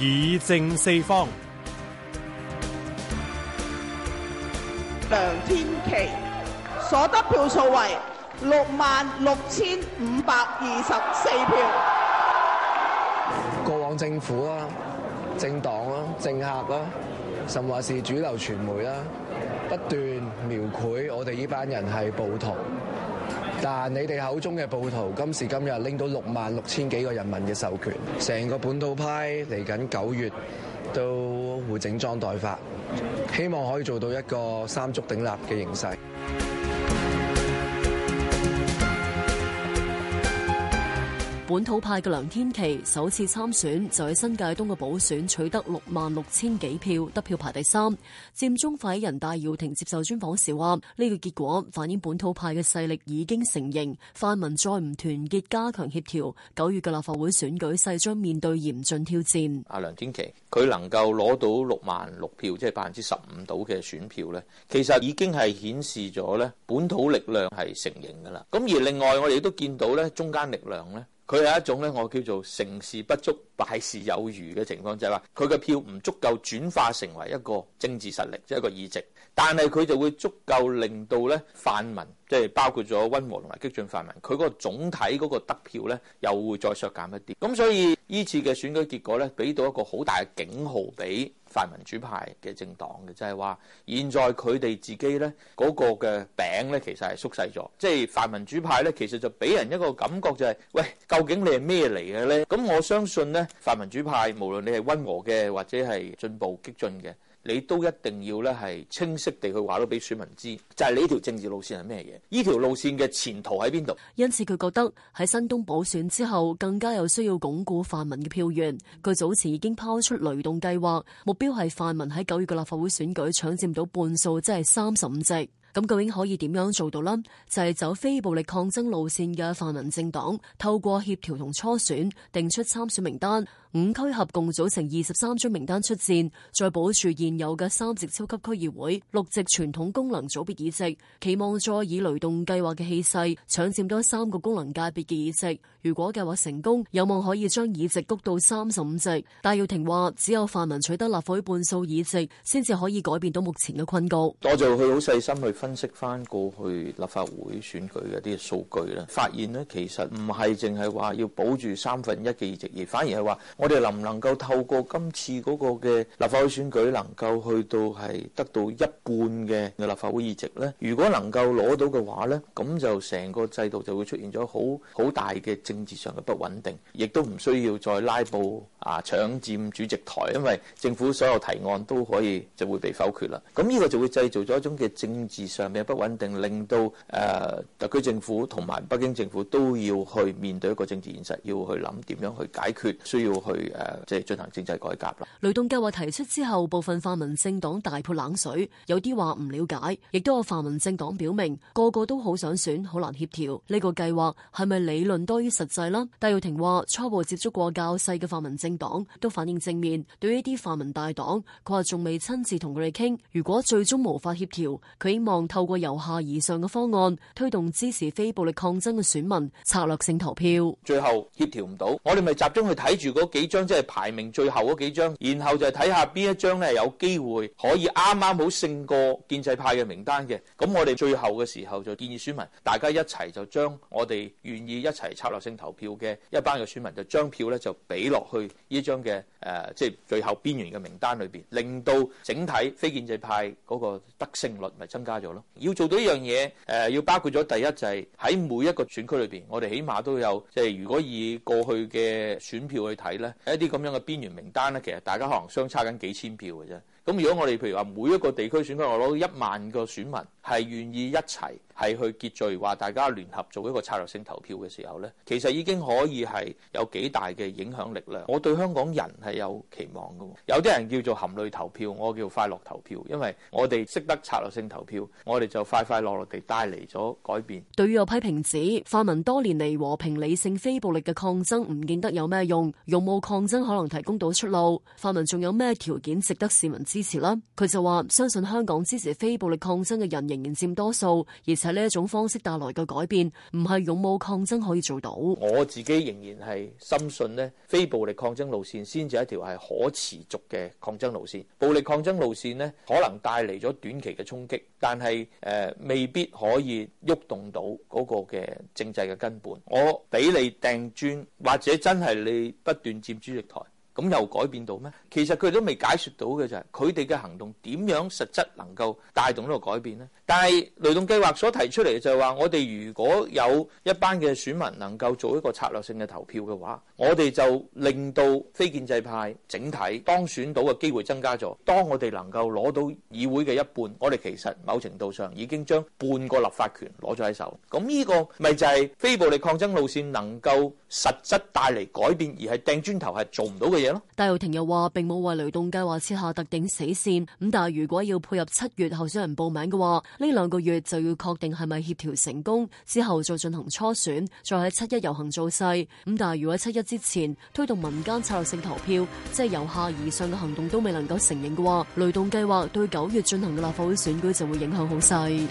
議政四方，梁天琦所得票數為六萬六千五百二十四票。過往政府啦、政黨啦、政客啦，甚或是主流傳媒啦，不斷描繪我哋呢班人係暴徒。但你哋口中嘅暴徒，今時今日拎到六萬六千幾個人民嘅授權，成個本土派嚟緊九月都會整裝待發，希望可以做到一個三足鼎立嘅形勢。本土派嘅梁天琦首次參選就喺新界東嘅補選取得六萬六千幾票，得票排第三。佔中發起人戴耀廷接受專訪時話：呢個結果反映本土派嘅勢力已經成型，泛民再唔團結加強協調，九月嘅立法會選舉勢將面對嚴峻挑戰。阿梁天琦佢能夠攞到六萬六票，即係百分之十五到嘅選票咧，其實已經係顯示咗咧本土力量係成形噶啦。咁而另外我哋亦都見到咧中間力量咧。佢係一種咧，我叫做成事不足。敗事有餘嘅情況就係話，佢嘅票唔足夠轉化成為一個政治實力，即係一個議席。但係佢就會足夠令到咧泛民，即係包括咗溫和同埋激進泛民，佢嗰個總體嗰個得票咧又會再削減一啲。咁所以依次嘅選舉結果咧，俾到一個好大嘅警號俾泛民主派嘅政黨嘅，就係話現在佢哋自己咧嗰個嘅餅咧，其實係縮細咗。即係泛民主派咧，其實就俾人一個感覺就係，喂，究竟你係咩嚟嘅咧？咁我相信咧。泛民主派無論你係温和嘅或者係進步激進嘅，你都一定要咧係清晰地去話到俾選民知，就係你呢條政治路線係咩嘢，呢條路線嘅前途喺邊度。因此佢覺得喺新東補選之後，更加有需要鞏固泛民嘅票源。佢早前已經拋出雷動計劃，目標係泛民喺九月嘅立法會選舉搶佔到半數，即係三十五席。咁究竟可以點樣做到呢？就係、是、走非暴力抗爭路線嘅泛民政黨，透過協調同初選，定出參選名單。五區合共組成二十三張名單出戰，再保住現有嘅三席超級區議會、六席傳統功能組別議席，期望再以雷動計劃嘅氣勢，搶占多三個功能界別嘅議席。如果計劃成功，有望可以將議席谷到三十五席。戴耀廷話：，只有泛民取得立法會半數議席，先至可以改變到目前嘅困局。多謝佢好細心去分。分析翻過去立法會選舉嘅啲數據啦，發現呢其實唔係淨係話要保住三分一嘅議席，而反而係話我哋能唔能夠透過今次嗰個嘅立法會選舉，能夠去到係得到一半嘅立法會議席呢？如果能夠攞到嘅話呢，咁就成個制度就會出現咗好好大嘅政治上嘅不穩定，亦都唔需要再拉布啊，搶佔主席台，因為政府所有提案都可以就會被否決啦。咁呢個就會製造咗一種嘅政治。上面不穩定，令到誒特區政府同埋北京政府都要去面對一個政治現實，要去諗點樣去解決需要去誒，即係進行政制改革啦。雷動計劃提出之後，部分泛民政黨大潑冷水，有啲話唔了解，亦都有泛民政黨表明個個都好想選，好難協調，呢個計劃係咪理論多於實際啦？戴耀廷話初步接觸過較細嘅泛民政黨都反映正面，對呢啲泛民大黨，佢話仲未親自同佢哋傾，如果最終無法協調，佢希望。透過由下而上嘅方案推動支持非暴力抗爭嘅選民策略性投票，最後協調唔到，我哋咪集中去睇住嗰幾張即係排名最後嗰幾張，然後就睇下邊一張咧有機會可以啱啱好勝過建制派嘅名單嘅，咁我哋最後嘅時候就建議選民大家一齊就將我哋願意一齊策略性投票嘅一班嘅選民就將票咧就俾落去呢張嘅誒即係最後邊緣嘅名單裏邊，令到整體非建制派嗰個得勝率咪增加咗。要做到一樣嘢，誒、呃、要包括咗第一就係、是、喺每一個選區裏邊，我哋起碼都有即係、就是、如果以過去嘅選票去睇咧，一啲咁樣嘅邊緣名單咧，其實大家可能相差緊幾千票嘅啫。咁如果我哋譬如話每一個地區選舉，我攞一萬個選民係願意一齊係去結聚，話，大家聯合做一個策略性投票嘅時候咧，其實已經可以係有幾大嘅影響力量。我對香港人係有期望嘅。有啲人叫做含淚投票，我叫快樂投票，因為我哋識得策略性投票，我哋就快快樂樂地帶嚟咗改變。對於有批評指泛民多年嚟和平理性非暴力嘅抗爭，唔見得有咩用，用武抗爭可能提供到出路。泛民仲有咩條件值得市民知？支持啦，佢就話相信香港支持非暴力抗爭嘅人仍然佔多數，而且呢一種方式帶來嘅改變唔係勇武抗爭可以做到。我自己仍然係深信咧，非暴力抗爭路線先至係一條係可持續嘅抗爭路線。暴力抗爭路線咧，可能帶嚟咗短期嘅衝擊，但係誒、呃、未必可以喐動，動到嗰個嘅政制嘅根本。我俾你掟磚，或者真係你不斷佔主席台。咁又改變到咩？其實佢哋都未解説到嘅就係佢哋嘅行動點樣實質能夠帶動呢個改變呢？但係雷動計劃所提出嚟就係話，我哋如果有一班嘅選民能夠做一個策略性嘅投票嘅話，我哋就令到非建制派整體當選到嘅機會增加咗。當我哋能夠攞到議會嘅一半，我哋其實某程度上已經將半個立法權攞咗喺手。咁呢個咪就係非暴力抗爭路線能夠實質帶嚟改變，而係掟磚頭係做唔到嘅嘢。戴耀廷又話，並冇為雷動計劃設下特定死線，咁但係如果要配合七月候選人報名嘅話，呢兩個月就要確定係咪協調成功，之後再進行初選，再喺七一遊行造勢。咁但係如果喺七一之前推動民間策略性投票，即係由下而上嘅行動都未能夠承認嘅話，雷動計劃對九月進行嘅立法會選舉就會影響好細。